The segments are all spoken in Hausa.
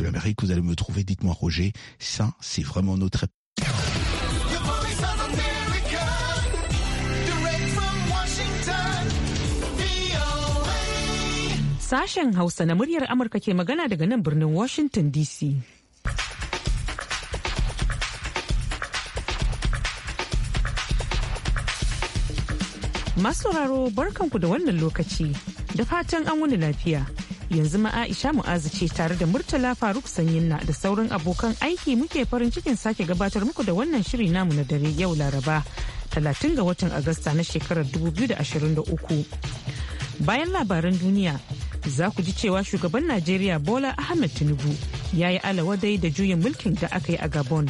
de l'Amérique, vous allez me trouver, dites-moi Roger, ça c'est vraiment notre... Sashen Hausa na muryar Amurka ke magana daga nan birnin Washington DC. Masu sauraro barkanku da wannan lokaci, da fatan an wuni lafiya. yanzu ma Aisha Mu'azu ce tare da Murtala Faruk Sanyinna da sauran abokan aiki muke farin cikin sake gabatar muku da wannan shiri namu na dare yau Laraba 30 ga watan Agusta na shekarar 2023. Bayan labaran duniya za ku ji cewa shugaban Najeriya Bola Ahmed Tinubu ya yi alawadai da juyin mulkin da aka yi a Gabon.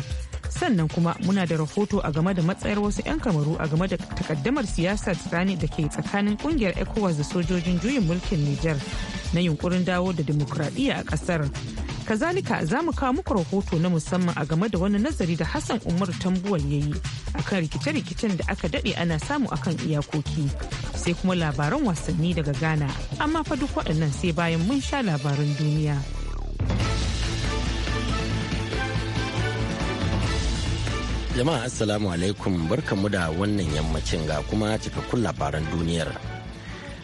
sannan kuma muna da rahoto a game da matsayar wasu 'yan kamaru a game da takaddamar siyasa tsakani da ke tsakanin kungiyar ecowas da sojojin juyin mulkin nijar na yunkurin dawo da dimokuraɗiyya a ƙasar. Kazalika za mu kawo muku rahoto na musamman a game da wani nazari da Hassan Umar Tambuwal ya yi a kan rikice-rikicen da aka daɗe ana samu a kan iyakoki. Sai kuma labaran wasanni daga Ghana, amma fa duk waɗannan sai bayan mun sha labaran duniya. Jama'a Assalamu alaikum barkanmu da wannan yammacin ga kuma cikakkun labaran duniyar.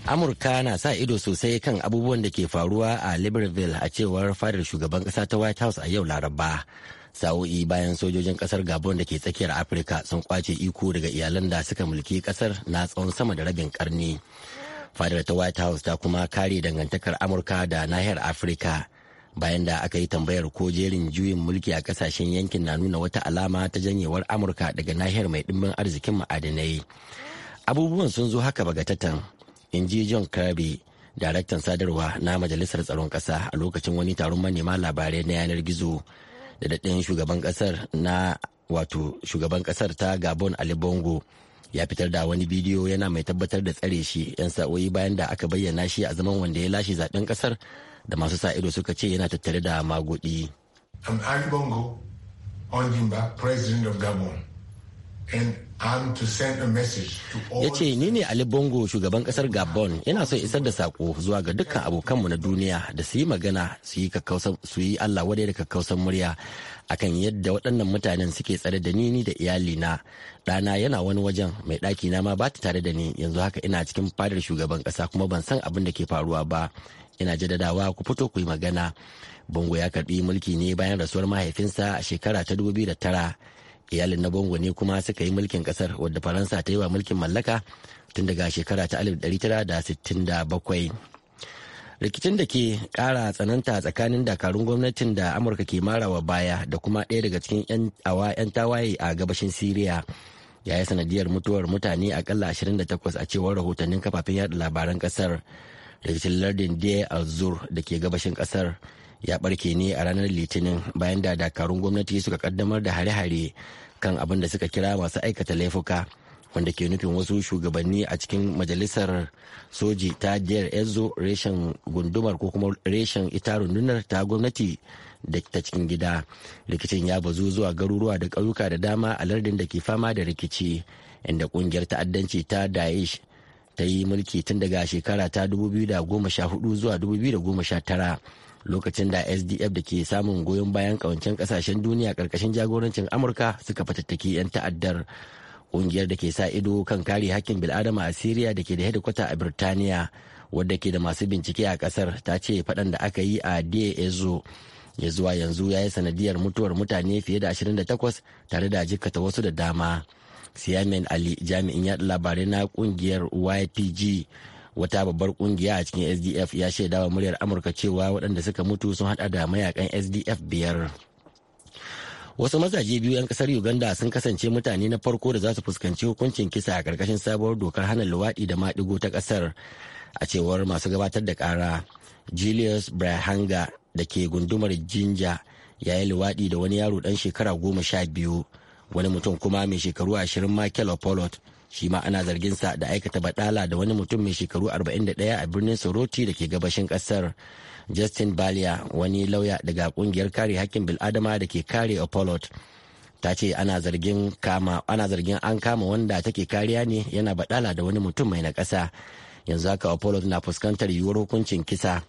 amurka na sa ido sosai kan abubuwan da ke faruwa a libreville a cewar fadar shugaban kasa ta white house a yau laraba sa'o'i bayan sojojin kasar gabon da ke tsakiyar afirka sun kwace iko daga iyalan da suka mulki kasar na tsawon sama da rabin karni fadar ta white house ta kuma kare dangantakar amurka da nahiyar afirka bayan da aka yi tambayar ko jerin juyin mulki a kasashen yankin na nuna wata alama ta janyewar amurka daga nahiyar mai dimbin arzikin ma'adinai abubuwan sun zo haka bagatatan in ji john kirby daraktan sadarwa na majalisar tsaron ƙasa a lokacin wani taron manema labarai na yanar gizo da daɗin shugaban ƙasar na wato shugaban ƙasar ta gabon ali bongo ya fitar da wani bidiyo yana mai tabbatar da tsare shi 'yan sa'o'i bayan da aka bayyana shi a zaman wanda ya lashe zaɓen ƙasar da masu sa ido suka ce yana tattare da magudi. Ali Bongo, President of Gabon. ya ce ni ne ali bongo shugaban kasar gabon ina son isar da sako zuwa ga dukkan abokanmu na duniya da su yi magana su yi allah wadai da kakkausan murya akan yadda waɗannan mutanen suke tsare da ni da iyalina ɗana yana wani wajen mai ɗaki na ma ba ta tare da ni yanzu haka ina cikin fadar shugaban ƙasa kuma ban san abin da ke faruwa ba ina jaddadawa ku fito ku yi magana bongo ya karɓi mulki ne bayan rasuwar mahaifinsa a shekara ta tara. iyalin na bongo ne kuma suka yi mulkin kasar wadda faransa ta yi wa mulkin mallaka tun daga shekara ta 1967 rikicin da ke kara tsananta tsakanin dakarun gwamnatin da amurka ke marawa baya da kuma ɗaya daga cikin 'yan tawaye a gabashin siriya ya yi sanadiyar mutuwar mutane akalla 28 a cewar rahotannin kafafen yada labaran kasar rikicin lardin da ke gabashin kasar ya barke ne a ranar litinin bayan da dakarun gwamnati suka kaddamar da hare-hare kan abin da suka kira masu aikata laifuka wanda ke nufin wasu shugabanni a cikin majalisar soji ta jiyar ezo reshen gundumar ko kuma reshen ita rundunar ta gwamnati da ta cikin gida rikicin ya bazu zuwa garuruwa da ƙauyuka da dama a lardin da ke fama da rikici inda kungiyar ta'addanci ta daesh ta yi mulki tun daga shekara ta 2014 zuwa 2019 lokacin da sdf da ke samun goyon bayan kawancen kasashen duniya karkashin jagorancin amurka suka fatattaki 'yan ta'addar ƙungiyar da ke sa ido kan kare hakkin bil'adama a syria da ke da hedikwata a birtaniya wadda ke da masu bincike a kasar ta ce faɗan da aka yi a da ya zuwa yanzu ya yi sanadiyar mutuwar mutane fiye da 28 tare da jikata wasu da dama siyamen ali jami'in yaɗa labarai na ƙungiyar ypg wata babbar kungiya a cikin sdf ya shaida wa muryar amurka cewa waɗanda suka mutu sun hada da mayakan sdf biyar wasu mazaje biyu 'yan kasar uganda sun kasance mutane na farko da za su fuskanci hukuncin kisa a karkashin sabuwar dokar hana luwaɗi da maɗigo ta ƙasar a cewar masu gabatar da ƙara julius brahanga da ke gundumar jinja ya yi luwaɗi da wani yaro ɗan shekara goma sha biyu wani mutum kuma mai shekaru ashirin michael opolot shi ma ana sa da aikata badala da wani mutum mai shekaru 41 a birnin soroti da ke gabashin kasar justin balia wani lauya daga kungiyar kare hakkin bil'adama da ke kare apollo ta ce ana zargin an kama wanda take kariya ne yana badala da wani mutum mai na ƙasa yanzu haka apollo na fuskantar yiwuwar hukuncin kisa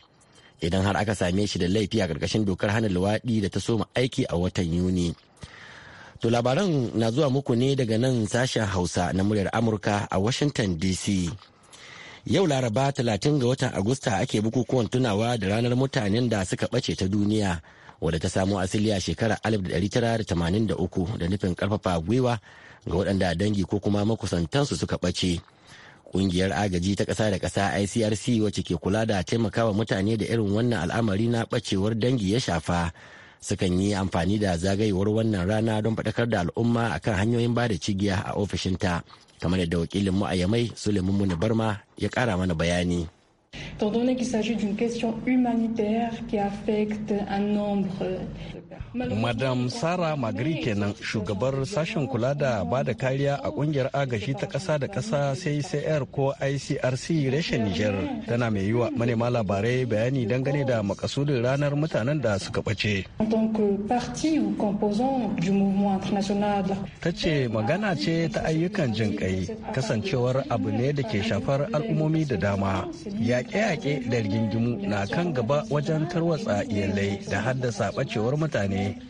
idan har aka same shi da laifi a ƙarƙashin dokar hana luwaɗi da ta soma aiki a watan yuni To labaran na zuwa muku ne daga nan sashen Hausa na muryar Amurka a Washington DC. Yau Laraba 30 ga watan Agusta ake bukukuwan tunawa da ranar mutanen da suka bace ta duniya wadda ta samo asali a shekarar 1983 da nufin karfafa gwiwa ga waɗanda dangi ko kuma makusantansu suka bace. Ƙungiyar agaji ta ƙasa da ƙasa ICRC wacce ke kula da taimakawa mutane da irin wannan al'amari na ɓacewar dangi ya shafa sukan yi amfani da zagayewar wannan rana don faɗakar da al'umma akan hanyoyin ba da cigiya a ofishinta kamar yadda wakilin mu a yamai suleiman muni barma ya kara mana bayani Étant donné qu'il s'agit d'une question humanitaire qui affecte un nombre madam sara magri kenan shugabar sashen kula da ba da kariya a kungiyar agashi ta kasa da ƙasa ccr ko icrc reshen niger tana mai yiwa manema labarai bayani dangane da makasudin ranar mutanen da suka bace. ta ce magana ce ta ayyukan jin kai kasancewar abu ne da ke shafar al'ummomi da dama yaƙe-yaƙe da rigingimu na kan gaba wajen tarwatsa iyalai da haddasa ɓacewar mutane mutane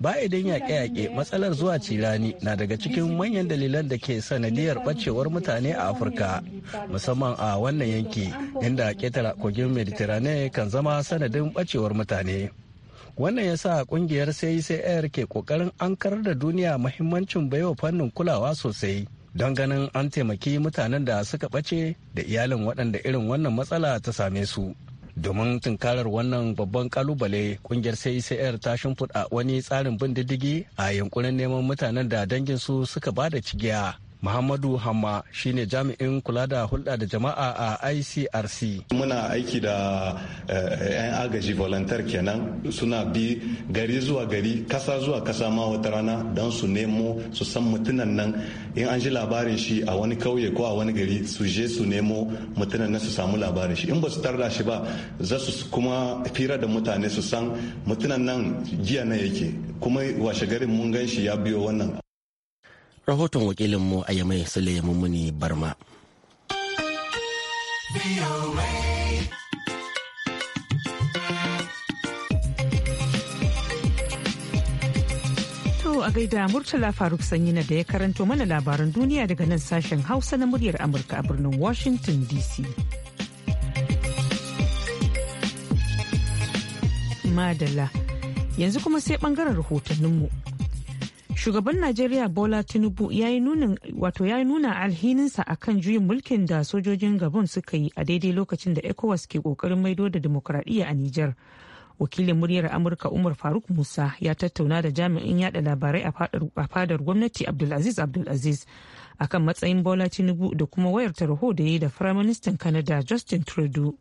ba idan yaƙe-yaƙe matsalar zuwa cirani na daga cikin manyan dalilan da ke sanadiyar ɓacewar mutane a afirka musamman a wannan yanki inda ƙetare kogin mediterane kan zama sanadin ɓacewar mutane wannan ya sa kungiyar cicr ke ƙoƙarin ankar da duniya mahimmancin baiwa fannin kulawa sosai don ganin an taimaki mutanen da suka ɓace da iyalin waɗanda irin wannan matsala ta same su domin tunkarar wannan babban kalubale kungiyar cicr e ta shimfiɗa wani tsarin bin diddigi a yankunan neman mutanen da dangin su suka da cigiya Muhammadu Hamma shine jami'in kula da hulɗa da jama'a a ICRC. Muna aiki da eh, eh, 'yan agaji volunteer kenan suna bi gari zuwa gari kasa zuwa kasa ma wata rana don su nemo su san mutunan nan in an ji labarin shi a wani kauye ko a wani gari su je su nemo mutunan nan su samu labarin shi in ba su tarda shi ba za su kuma fira da mutane su san mutunan nan jiya na yake kuma washe garin mun gan shi ya biyo wannan rahoton wakilin mu a yamai sule mummuni barma to a gaida Murtala Faruk sanyi na da ya karanto mana labaran duniya daga nan sashen Hausa na muryar Amurka a birnin Washington DC. Madala, yanzu kuma sai bangaren rahotanninmu. shugaban najeriya bola tinubu ya yi nuna alhininsa a kan juyin mulkin da sojojin gabon suka yi a daidai lokacin da ecowas ke kokarin maido da demokuraɗiyya a nijar wakilin muryar amurka umar faruk musa ya tattauna da jami'in yada labarai a fadar gwamnati abdulaziz abdulaziz akan matsayin bola tinubu da kuma wayar tarho da ya yi da firaministan kanada justin trudeau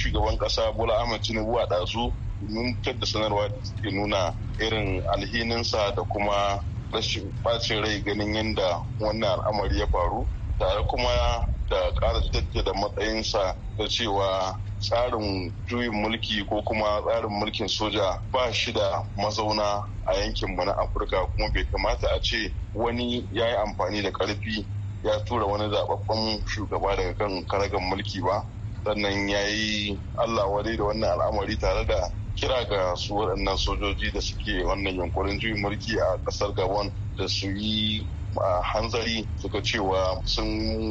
shugaban kasa bola ahmad tinubu a ɗazu domin da sanarwa da ke nuna irin alhininsa da kuma rashin bacin rai ganin yadda wannan al'amari ya faru tare kuma da ƙara jaddada matsayinsa da cewa tsarin juyin mulki ko kuma tsarin mulkin soja ba shi da mazauna a yankinmu na afirka kuma bai kamata a ce wani ya yi amfani da ƙarfi ya tura wani zababben shugaba daga kan karagar mulki ba sannan ya yi allah wadai da wannan al'amari tare da kira ga su waɗannan sojoji da suke wannan yankurin juyin mulki a ƙasar gabon da su yi a hanzari suka cewa sun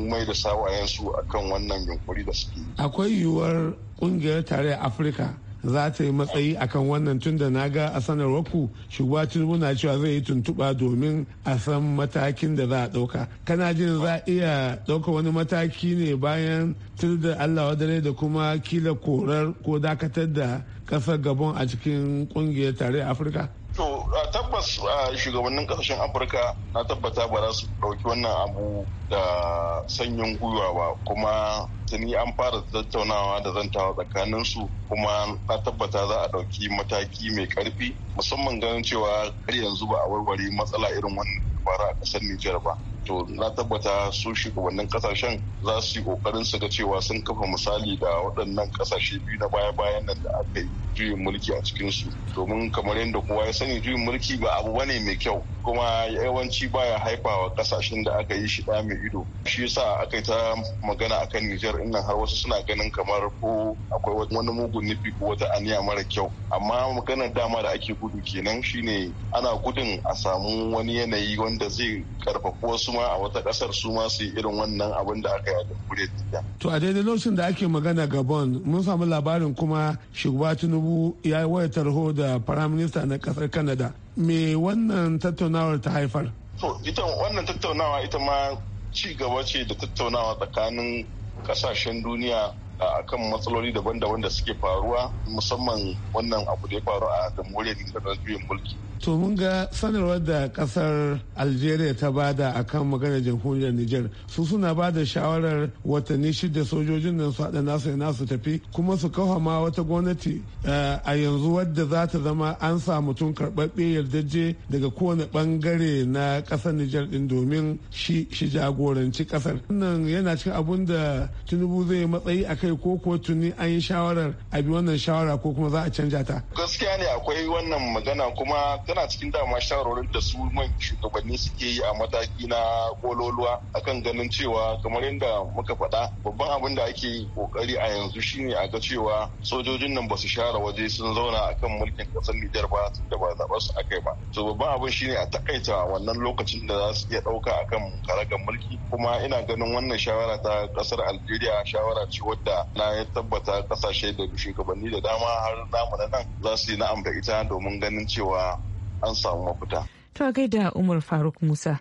mai da sawayensu akan wannan yunkuri da suke akwai yiwuwar ƙungiyar tarayyar afirka za ta yi matsayi akan wannan tun da na ga a sanarwar ku shugaba tinubu na cewa zai yi tuntuɓa domin a san matakin da za a ɗauka kana jin za a iya ɗauka wani mataki ne bayan tun da allah wadare da kuma kila korar ko dakatar da ƙasar gabon a cikin ƙungiyar tare afirka To a tabbas a shugabannin kasashen Afirka na tabbata ba za su ɗauki wannan abu da sanyin gwiwa ba kuma tuni an fara tattaunawa da zantawa tsakanin su kuma na tabbata za a ɗauki mataki mai ƙarfi musamman ganin cewa har yanzu ba a warware matsala irin wannan fara a ƙasar Nijar ba. To na tabbata su shugabannin kasashen za su yi ƙoƙarin su ga cewa sun kafa misali da waɗannan ƙasashe biyu na baya-bayan nan da aka yi juyin mulki a cikin su domin kamar yadda kowa ya sani juyin mulki ba abu bane mai kyau kuma yawanci baya haifawa kasashen da aka yi shi mai ido shi yasa aka yi ta magana akan Nijar ina har wasu suna ganin kamar ko akwai wani mugun nufi ko wata aniya mara kyau amma maganar dama da ake gudu kenan shine ana gudun a samu wani yanayi wanda zai karfafa wasu ma a wata kasar su ma su irin wannan abin da aka yi a to a daidai lokacin da ake magana gabon mun samu labarin kuma shugaba tinubu ya yi waya tarho da firaminista na kasar kanada me wannan tattaunawar ta haifar to ita wannan tattaunawa ita ma ci gaba ce da tattaunawa tsakanin kasashen duniya akan matsaloli daban-daban da suke faruwa musamman wannan abu da ya faru a jamhuriyar da juyin mulki to mun ga sanarwar da kasar algeria ta bada a akan maganar jamhuriyar niger su suna ba da shawarar watanni shida sojojin nan su haɗa nasu na su tafi kuma su kawo ma wata gwamnati eh, a yanzu wadda za ta zama an sa mutum karɓaɓɓe yardaje daga kowane bangare na kasar niger ɗin domin shi shi jagoranci kasar wannan yana cikin abun da tinubu zai matsayi a kai ko ko tuni an yi shawarar a bi wannan shawara ko kuma za a canja ta gaskiya ne akwai wannan magana kuma tana cikin dama shawarwarin da su man shugabanni suke yi a mataki na kololuwa akan ganin cewa kamar yadda muka faɗa babban abin da ake kokari a yanzu shine a ga cewa sojojin nan ba su share waje sun zauna akan mulkin kasar Nijar ba da ba zaɓa su akai ba to babban abin shine a takaita wannan lokacin da za su iya ɗauka akan karagar mulki kuma ina ganin wannan shawara ta kasar Algeria shawara ce wadda na ya tabbata kasashe da shugabanni da dama har namu na nan za su yi na'am da ita domin ganin cewa an samu mafita. To gaida Umar Faruk Musa.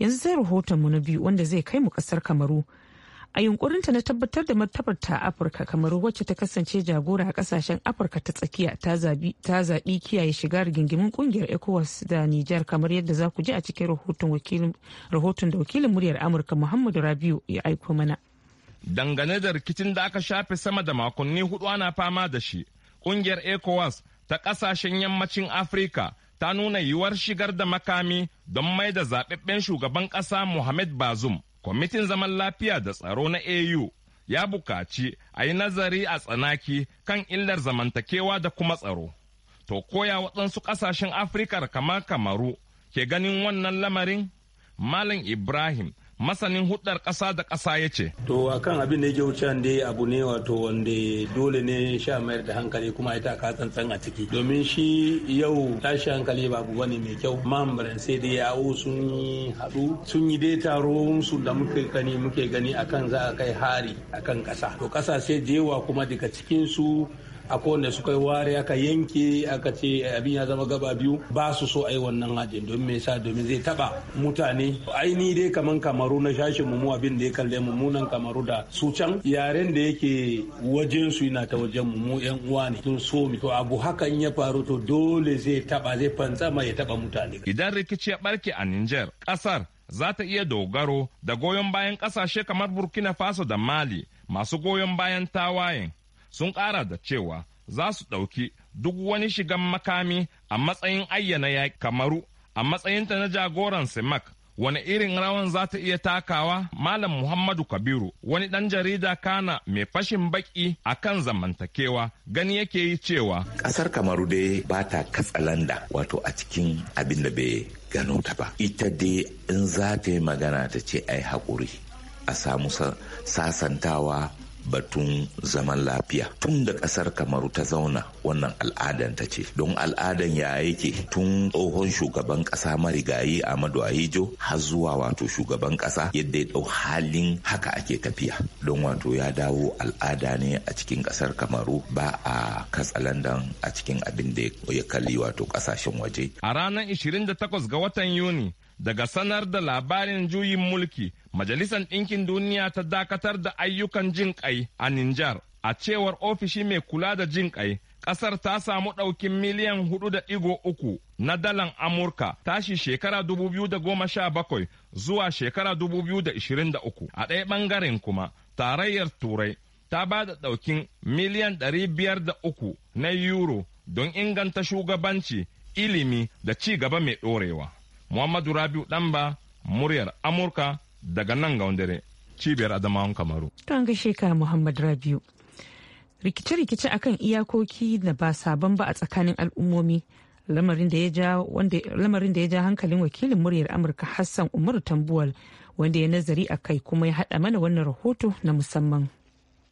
Yanzu sai rahotonmu na biyu wanda zai kai mu kasar Kamaru. A yunkurinta na tabbatar da martabar ta Afirka Kamaru wacce ta kasance jagora a kasashen Afirka ta tsakiya ta zaɓi kiyaye shiga rigingimin kungiyar ECOWAS da Nijar kamar yadda za ku ji a cikin rahoton da wakilin muryar Amurka Muhammadu Rabiu ya aiko mana. Dangane da rikicin da aka shafe sama da makonni hudu ana fama da shi, kungiyar ECOWAS ta kasashen yammacin Afirka ta nuna yiwuwar shigar da makami don mai da zaɓaɓɓen shugaban ƙasa Muhammad Bazum Kwamitin zaman lafiya da tsaro na AU ya buƙaci a yi nazari a tsanaki kan illar zamantakewa da kuma tsaro. To koya waɗansu ƙasashen Afirka kamar Kamaru ke ganin wannan lamarin? Malam Ibrahim masanin hudar ƙasa da ƙasa ya ce. To a kan abin da yake wucen dai abu ne wato wanda dole ne sha mayar da hankali kuma ita ka tsantsan a ciki. Domin shi yau tashi hankali ba abu bane mai kyau. Ma'amaran sai dai yawo sun yi haɗu sun yi dai taro su da muke gani muke gani akan za a kai hari akan ƙasa. To ƙasa sai da kuma daga cikin su a wanda suka yi ware aka yanke aka ce eh, abin ya zama gaba biyu ba su so a yi wannan hajjin domin mai sa domin zai taba mutane aini dai kaman kamaru na shashin mu abin da ya kalle mummunan munan kamaru da su can yaren da yake wajen su yana ta wajen mu mu yan uwa ne tun so mi to abu hakan ya faru to dole zai taba zai ma ya taba mutane idan rikici ya barke a Niger kasar za ta iya dogaro da goyon bayan kasashe kamar Burkina Faso da Mali masu goyon bayan tawayen sun ƙara da cewa za su ɗauki duk wani shigan makami a matsayin ayyana ya kamaru a matsayinta na jagoran simak wani irin rawan za ta iya takawa malam muhammadu kabiru wani ɗan jarida kana mai fashin baki a kan zamantakewa gani yake yi cewa ƙasar kamaru dai ba ta katsalanda wato a cikin abin da bai gano ta ba ita dai in za ta yi magana ta ce ai haƙuri a samu sasantawa batun zaman lafiya tun da kasar kamaru ta zauna wannan al'adan ta ce don al'adan ya yake tun tsohon shugaban kasa marigayi amadu ahijo har zuwa wato shugaban kasa yadda ya dau halin haka ake tafiya don wato ya dawo al'ada ne a cikin kasar kamaru ba a katsalandan a cikin abin da ya kalli wato kasashen waje a ranar 28 ga watan yuni daga sanar da labarin juyin mulki majalisar ɗinkin duniya ta dakatar da ayyukan jin ƙai a Nijar a cewar ofishi mai kula da jin ƙai ƙasar ta samu ɗaukin miliyan hudu da ɗigo uku na dalan Amurka tashi shekara 2017 zuwa shekara 2023 a ɗaya ɓangaren kuma tarayyar turai ta ba da ɗaukin miliyan biyar da uku na euro don inganta shugabanci ilimi da ci gaba mai ɗorewa. Muhammadu Rabiu Ɗanba muryar Amurka daga nan ga wandare cibiyar Adamawan Kamaru. Don gashe ka Muhammad Rabiu. Rikice-rikice akan iyakoki da ba sabon ba a tsakanin al'ummomi lamarin da ya ja hankalin wakilin muryar Amurka Hassan Umaru Tambuwal wanda ya nazari a kai kuma ya haɗa mana wannan rahoto na musamman.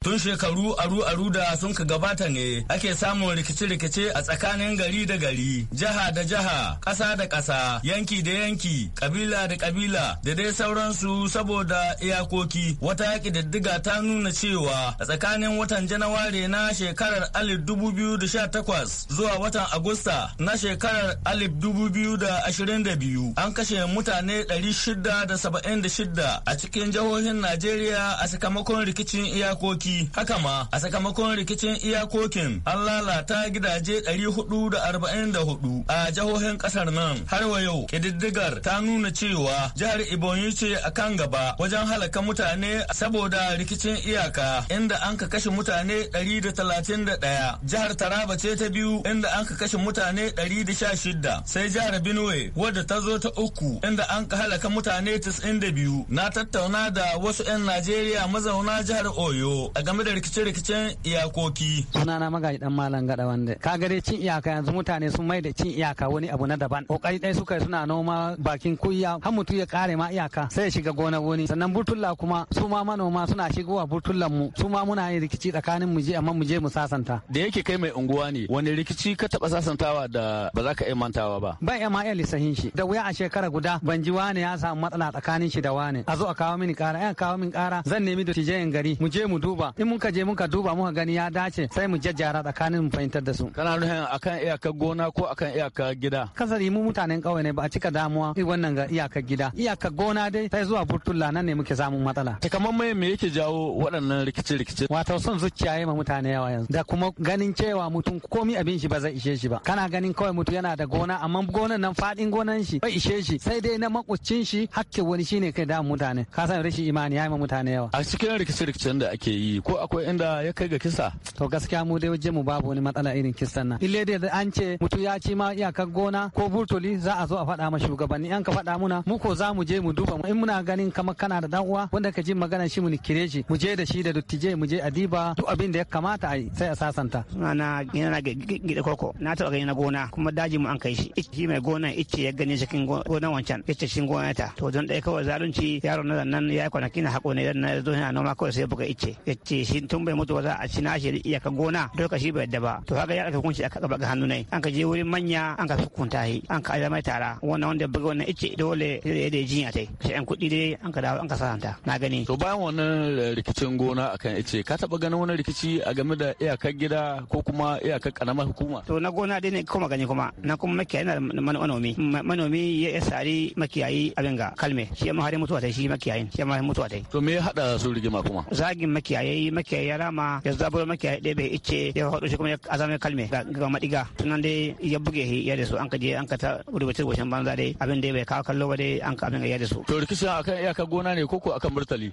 Tun shekaru aru-aru da sun ka gabata ne ake samun rikice-rikice a tsakanin gari da gari, jiha da jiha, ƙasa da ƙasa, yanki da yanki, ƙabila da ƙabila da dai sauransu saboda iyakoki. Wata ƙididdiga ta nuna cewa a tsakanin watan janawari na shekarar 2018 zuwa watan Agusta na shekarar 2022 an kashe mutane 676 a cikin jihohin Najeriya a sakamakon rikicin iyakoki. ciki haka ma a sakamakon rikicin iyakokin an lalata gidaje 444 a jihohin kasar nan har wa yau kididdigar ta nuna cewa jihar Ibonyi ce a kan gaba wajen halaka mutane saboda rikicin iyaka inda an ka kashe mutane 131 jihar Taraba ce ta biyu inda an ka kashe mutane 116 sai jihar Benue wadda ta zo ta uku inda an ka halaka mutane 92 na tattauna da wasu 'yan Najeriya mazauna jihar Oyo a game da rikice-rikicen iyakoki. Sunana magaji dan malam gada wanda. Ka gare cin iyaka yanzu mutane sun mai da cin iyaka wani abu na daban. Kokari dai suka suna noma bakin kuya har mutum ya kare ma iyaka sai ya shiga gona wani. Sannan burtulla kuma su ma manoma suna shigowa burtullan mu. Su ma muna yin rikici tsakanin mu je amma mu je mu sasanta. Da yake kai mai unguwa ne wani rikici ka taba sasantawa da ba za ka iya mantawa ba. Ban iya ma iya lissahin shi. Da wuya a shekara guda ban ji wane ya samu matsala tsakanin shi da wane. A zo a kawo mini kara, a kawo min kara zan nemi da tijayen gari mu je mu duba duba in muka je muka duba muka gani ya dace sai mu jajjara tsakanin mu fahimtar da su kana nufin akan iyakar gona ko akan iyakar gida kasari mu mutanen kawai ne ba a cika damuwa wannan ga iyakar gida iyakar gona dai sai zuwa burtulla nan ne muke samun matsala mai me yake jawo waɗannan rikice-rikice wato son zuciya ma mutane yawa yanzu da kuma ganin cewa mutum komi abin shi ba zai ishe shi ba kana ganin kawai mutum yana da gona amma gonan nan fadin gonan shi bai ishe shi sai dai na makwacin shi hakke wani shine kai da mutane ka san rashin imani ya ma mutane yawa a cikin rikice-rikicen da ake yi ko akwai inda ya kai ga kisa to gaskiya mu dai waje mu babu wani matsala irin kisan nan ille dai an ce mutu ya ci ma iyakar gona ko burtuli za a zo a faɗa ma shugabanni an ka faɗa muna mu ko za mu je mu duba in muna ganin kamar kana da dan uwa wanda ka ji magana shi mu kire shi mu je da shi da dottije mu je a diba duk abin da ya kamata a sai a sasanta gina yana gida koko na taɓa gani na gona kuma daji mu an kai shi shi mai gona ice ya gani cikin gona wancan ice shi gona ta to don ɗaya kawai zalunci yaro na nan ya kwanaki na haƙo ne dan na zo yana noma kawai sai buga ice ce shi tun bai mutu ba za a ci nashi da iyaka gona doka shi bai yadda ba to haka ya aka kunshi aka gaba ga hannu ne an ka je wurin manya an ka hukunta shi an ka azama tara wannan wanda buga wannan ice dole ya da ya jinya tai shi an kuɗi dai an ka dawo an ka saranta na gani to bayan wannan rikicin gona akan ice ka taba ganin wani rikici a game da iyakar gida ko kuma iyakar karamar hukuma to na gona dai ne kuma gani kuma na kuma makiyayi na manomi manomi ya sari makiyayi abin ga kalme shi ya har mutuwa tai shi makiyayin shi ya har mutuwa tai to me ya hada su rigima kuma zagin makiyayi yi makiyayi ya rama ya zaburo makiyayi ɗaya bai ice ya haɗu shi kuma ya azama kalme ga maɗiga. sannan dai ya buge shi ya da su an ka je an ka ta rubuce rubucen banza dai abin ya bai kawo kallo ba dai an ka abin ya da su. to rikicin akan iyakar gona ne koko akan a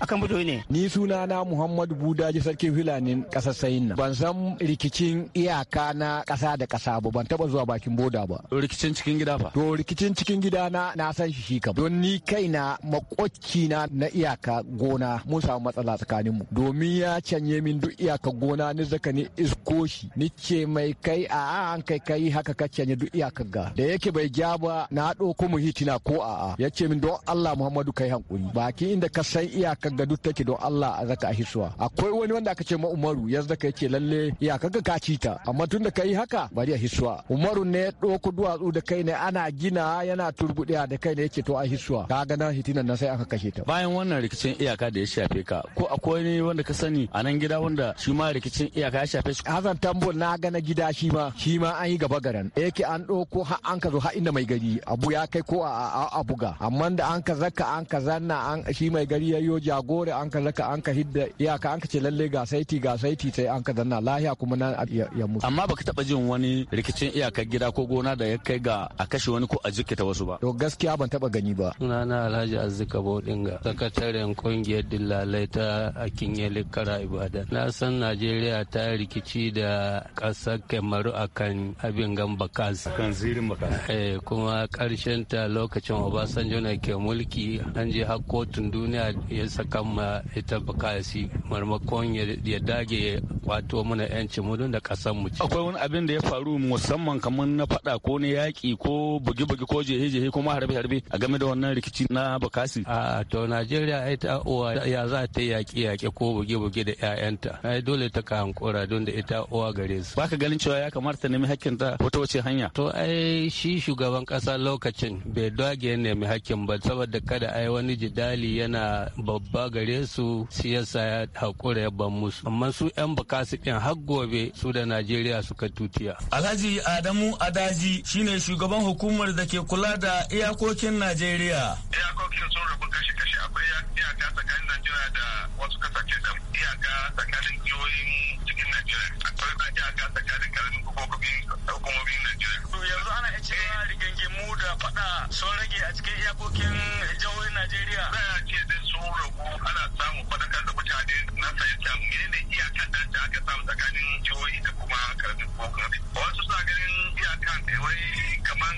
akan murtali ne. ni suna na muhammad budaji sarkin filani ƙasar sayin ban san rikicin iyaka na ƙasa da ƙasa ba ban taɓa zuwa bakin boda ba. to rikicin cikin gida fa. to rikicin cikin gida na na san shi shi kam don ni kaina makwacci na na iyaka gona mun samu matsala tsakaninmu domin ya ya canye min duk iyaka gona ni zaka ni isko shi ni ce mai kai a an kai kai haka ka canye duk iyaka ga da yake bai ja ba na ɗauko mu hitina ko a a ya ce min don Allah Muhammadu kai hankuri baki inda ka san iyaka ga duk take don Allah a zaka hisuwa akwai wani wanda aka ce ma Umaru ya zaka yace lalle iyaka ga ka ci ta amma tun da kai haka bari a hisuwa Umaru ne ya ɗauko duwatsu da kai ne ana gina yana turbudiya da kai ne yake to a hisuwa kaga nan hitinan nan sai aka kashe ta bayan wannan rikicin iyaka da ya shafe ka ko akwai wani wanda ka sani a nan gida wanda shi ma rikicin iyaka ya shafe shi Hassan Tambo na ga na gida shi ma shi ma an yi gaba garan yake an ɗauko har an ka zo har inda mai gari abu ya kai ko a buga amma da an ka zaka an ka zanna an shi mai gari ya yo jagore an ka zaka an ka hidda iyaka an ka ce lalle ga saiti ga saiti sai an ka zanna lahiya kuma na ya mutu amma baka taba jin wani rikicin iyakar gida ko gona da ya kai ga a kashe wani ko a jikita wasu ba to gaskiya ban taba gani ba sunana Alhaji Azzika Bodinga sakataren kungiyar dillalai ta Akinyele nasara ibada na san najeriya ta rikici da ƙasar kemaru kan abin gan bakas kan zirin bakas eh, kuma ƙarshen ta lokacin obasanjo na ke mulki an je har kotun duniya ya saka ma ita bakasi marmakon ya dage kwato mana yanci mudun da ƙasar mu akwai wani abin da ya faru musamman kamar na faɗa ko na yaƙi ko bugi-bugi ko jehe-jehe ko ma harbe-harbe a game da wannan rikici na bakasi a to najeriya ita uwa ya za ta yaƙi-yaƙi ko bugi-bugi take da 'ya'yanta ai dole ta ka hankora don da ita uwa gare su baka ganin cewa ya kamata ta nemi hakkin ta wata wace hanya to ai shi shugaban kasa lokacin bai dage ya nemi hakkin ba saboda kada ai wani jidali yana babba gare su siyasa ya hakura ya ban musu amma su 'yan bukasu din har gobe su da najeriya suka tutiya alhaji adamu adaji shine shugaban hukumar da ke kula da iyakokin najeriya iyakokin sun rabu kashi kashi akwai iyaka tsakanin najeriya da wasu kasashe da iyaka tsakanin jihohin cikin Najeriya akwai ba iyaka tsakanin karamin hukumomin hukumomin Najeriya. To yanzu ana iya cewa eh. mu da faɗa sun rage a cikin iyakokin jihohin Najeriya. Za a ce da sun ragu ana samun faɗakar da mutane na fahimta menene iyakan nan da aka samu tsakanin jihohi da kuma karamin hukumomin. Wasu suna ganin iyakan wai kaman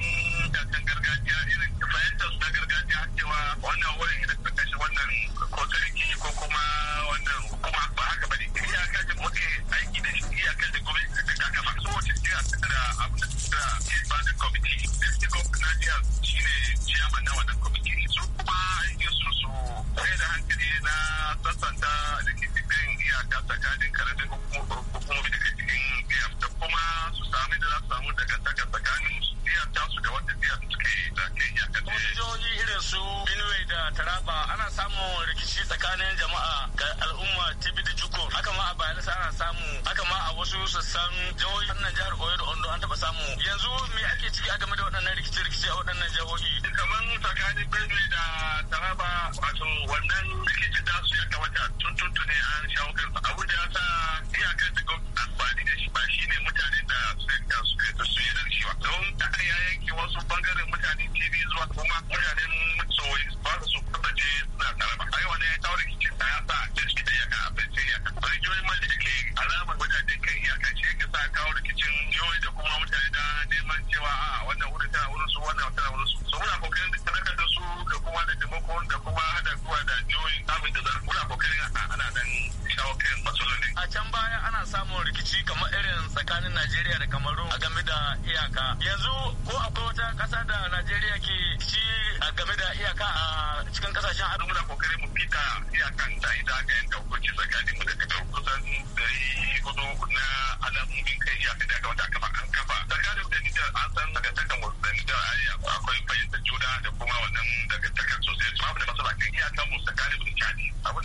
dakan gargajiya irin fahimtar na gargajiya cewa wannan wurin da suka kashe wannan ko sarki ko kuma Nan rikici da su ya kamata ne, an shawo kansa abu da ya sa iyakar da amfani da shi ba shi ne mutane da suka su yi nan shi ba don ta ya yanke wasu bangaren mutane tv zuwa kuma mutane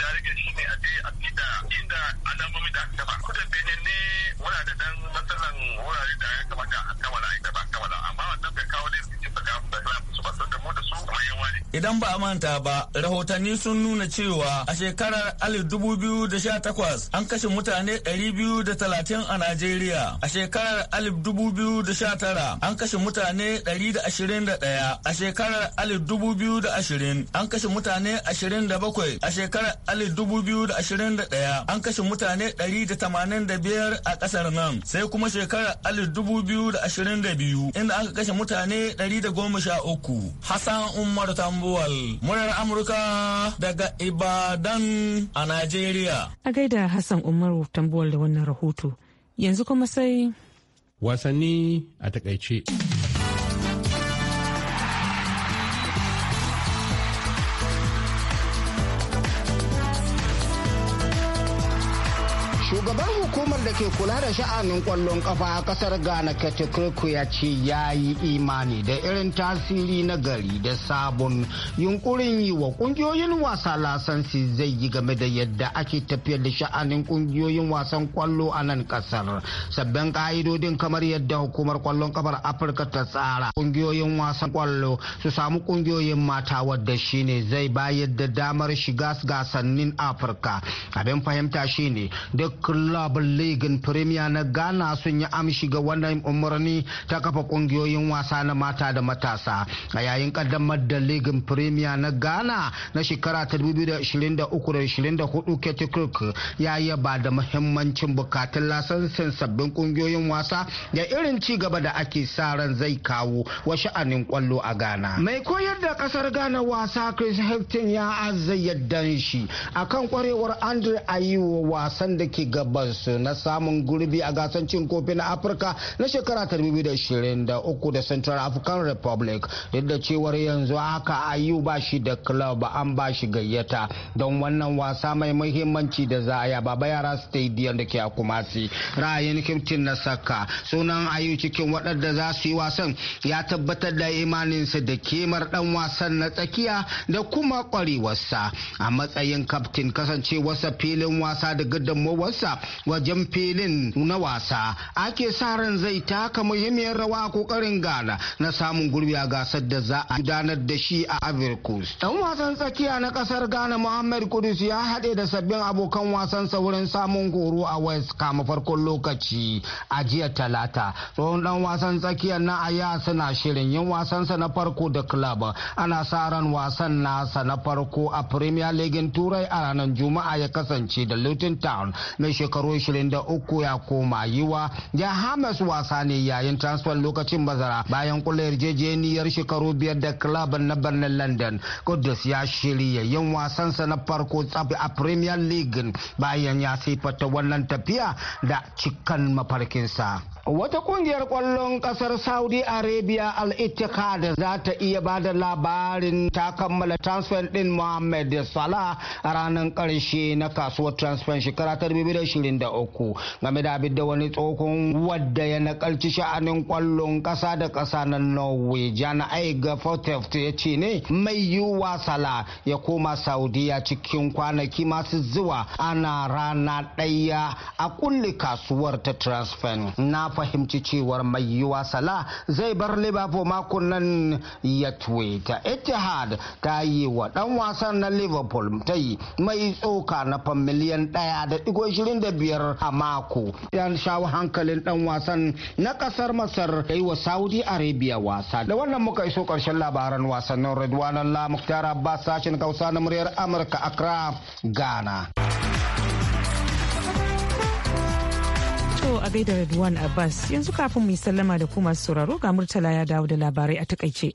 da ya rage shi ne a je a Idan ba a manta ba, rahotanni sun nuna cewa a shekarar 2018 an kashe mutane 230 a Najeriya. A shekarar 2019 an kashe mutane 121. A shekarar 2020 an kashe mutane 27. A shekarar 2021 an kashe mutane 185 a kasar nan. Sai kuma shekarar 2022 inda aka kashe mutane 113. Hassan Umar Tambo Lawal, muryar Amurka daga Ibadan a Najeriya. A gaida Hassan Umaru tambuwal da wannan rahoto. Yanzu kuma sai. Wasanni a takaice. Shugaban da ke kula da sha'anin kwallon kafa a kasar Ghana Kirku ya ce ya yi imani da irin tasiri na gari da sabon yunkurin yi wa kungiyoyin wasa lasansi zai yi game da yadda ake tafiyar da sha'anin kungiyoyin wasan kwallo a nan kasar. Sabbin ka'idodin kamar yadda hukumar kwallon kafar Afirka ta tsara kungiyoyin wasan kwallo su samu kungiyoyin mata wadda shine zai bayar da damar shiga gasannin Afirka. Abin fahimta shine duk club league ligin premier na ghana sun yi amshi ga wannan umarni ta kafa kungiyoyin wasa na mata da matasa a yayin kaddamar da ligin premier na ghana na shekara ta 2023-2024 katie Crook ya yaba da muhimmancin bukatun lasansin sabbin kungiyoyin wasa da irin ci gaba da ake sa ran zai kawo wa sha'anin kwallo a ghana mai koyar da kasar ghana wasa chris hilton ya azza yaddan shi akan kwarewar andre ayiwo wasan da ke gabansu na samun gurbi a gasar cin kofi na afirka na shekara ta 2023 da central african republic duk da cewar yanzu haka ayu ba shi da club an ba shi gayyata don wannan wasa mai muhimmanci da za a yi baba yara stadium da ke a kumasi ra'ayin kyamtin na saka sunan ayu cikin waɗanda za su yi wasan ya tabbatar da imaninsa da kimar dan wasan na tsakiya da kuma kwarewarsa a matsayin kaftin kasancewarsa filin wasa da gudunmawarsa wajen filin na wasa ake sa ran zai taka muhimmiyar rawa a kokarin Ghana na samun gurbi a gasar da za a gudanar da shi a Ivory Coast. Dan wasan tsakiya na kasar Ghana Muhammad Kudus ya haɗe da sabbin abokan wasansa wurin samun goro a West kama farkon lokaci a jiya Talata. Tsohon dan wasan tsakiya na Aya suna shirin yin wasansa na farko da club ana sa ran wasan nasa na farko a Premier League Turai a ranar Juma'a ya kasance da Luton Town mai shekaru uku ya koma yiwa ya hamas wasa ne yayin transfer lokacin bazara bayan kula yarjejeniyar shekaru biyar da club na birnin london kudus ya shirya yin wasansa na farko tsabi a premier league bayan ya sifata wannan tafiya da cikan mafarkinsa Wata kungiyar kwallon kasar Saudi Arabia Al-Ittihad za ta iya ba da labarin ta kammala transfer din Mohamed Salah a ranar karshe na kasuwar transfer shekara ta 2023 game da abin da wani tsohon wadda ya nakalci sha'anin kwallon kasa da kasa na Norway Jan Aiga Forteft ya ce ne mai yiwuwa Salah ya koma Saudiya cikin kwanaki masu zuwa ana rana ɗaya a kulle kasuwar ta transfer. Na fahimci cewar mai yiwa sala zai bar liverpool makon nan ya tweeta etihad ta yi wa dan wasan na liverpool ta yi mai tsoka na fan miliyan ɗaya da digo ishirin da biyar a mako yan shawo hankalin dan wasan na kasar masar ya yi wa saudi arabia wasa da wannan muka iso karshen labaran wasannin redwanan lamuktar abbas sashen kausa na muryar amurka accra ghana yau a gaida Redwan Abbas yanzu kafin mu yi sallama da kuma sauraro ga Murtala ya dawo da labarai a takaice.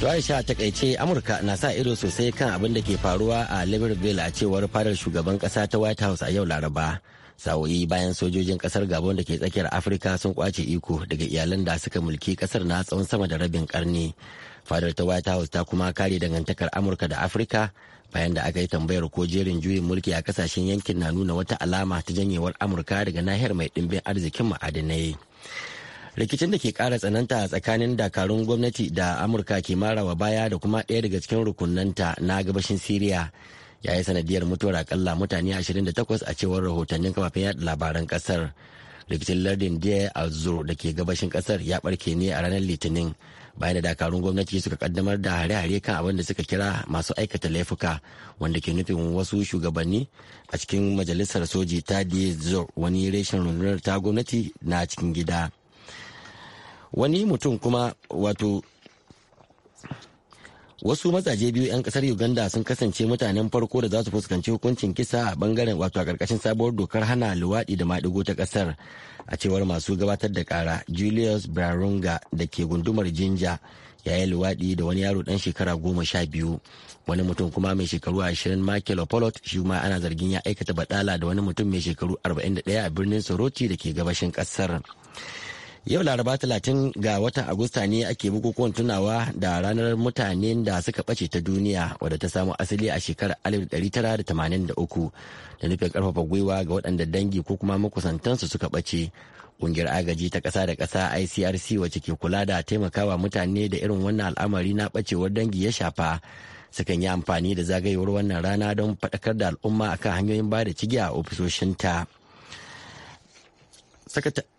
To Aisha a takaice Amurka na sa ido sosai kan abin da ke faruwa a liverpool a cewar fadar shugaban kasa ta White House a yau Laraba. Sa'o'i bayan sojojin kasar Gabon da ke tsakiyar Afirka sun kwace iko daga iyalan da suka mulki kasar na tsawon sama da rabin karni. fadar ta white house ta kuma kare dangantakar amurka da afirka bayan da aka yi tambayar ko jerin juyin mulki a kasashen yankin na nuna wata alama ta janyewar amurka daga nahiyar mai dimbin arzikin ma'adinai rikicin da ke kara tsananta a tsakanin dakarun gwamnati da amurka ke marawa baya da kuma ɗaya daga cikin rukunanta na gabashin siriya ya yi sanadiyar mutuwar akalla mutane 28 a cewar rahotannin kafafen yaɗa labaran kasar rikicin lardin deir al da ke gabashin kasar ya barke ne a ranar litinin bayan da dakarun gwamnati suka kaddamar da hare-hare kan abin da suka kira masu aikata laifuka wanda ke nufin wasu shugabanni a cikin majalisar soji ta dezor wani reshen rundunar ta gwamnati na cikin gida wani mutum kuma wato wasu mazaje biyu 'yan kasar uganda sun kasance mutanen farko da za su fuskanci hukuncin kisa a bangaren wato a karkashin sabuwar dokar hana luwaɗi da maɗigo ta kasar a cewar masu gabatar da kara julius brarunga da ke gundumar jinja yayin luwaɗi da wani yaro ɗan shekara goma sha biyu wani mutum kuma mai shekaru ashirin michael opolot shi ma ana zargin ya aikata baɗala da wani mutum mai shekaru arba'in da ɗaya a birnin soroti da ke gabashin ƙasar. Yau Laraba 30 ga watan Agusta ne ake bukukuwan tunawa da ranar mutanen da suka bace ta duniya wadda ta samu asali a shekarar 1983 da nufin karfafa gwiwa ga waɗanda dangi ko kuma makusantansu suka bace Ƙungiyar agaji ta ƙasa da ƙasa ICRC wacce ke kula da taimakawa mutane da irin wannan al'amari na bacewar dangi ya shafa. Sukan yi amfani da zagayewar wannan rana don faɗakar da al'umma akan hanyoyin ba da cigiya a ofisoshinta.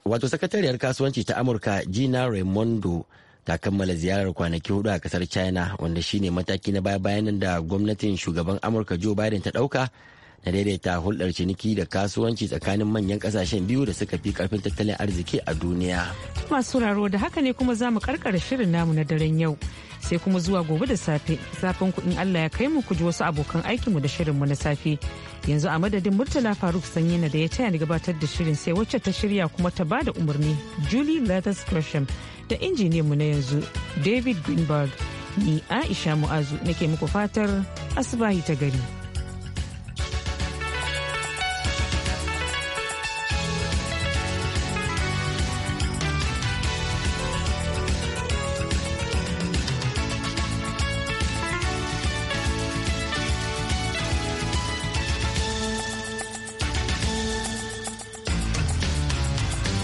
wato sakatariyar kasuwanci ta amurka gina raimondo ta kammala ziyarar kwanaki hudu a kasar china wanda shine mataki na baya bayanan da gwamnatin shugaban amurka joe biden ta dauka na daidaita hulɗar ciniki da kasuwanci tsakanin manyan kasashen biyu da suka fi karfin tattalin arziki a duniya. Masu raro da haka ne kuma za mu karkara shirin namu na daren yau. Sai kuma zuwa gobe da safe, zafin kuɗin Allah ya kai mu ku ji wasu abokan mu da mu na safe. Yanzu a madadin Murtala Faruk Sanyi na da ya taya ni gabatar da shirin sai wacce ta shirya kuma ta bada umarni Julie Lathers Gresham da mu na yanzu David Greenberg. Ni Aisha Mu'azu nake muku fatar asibahi ta gari.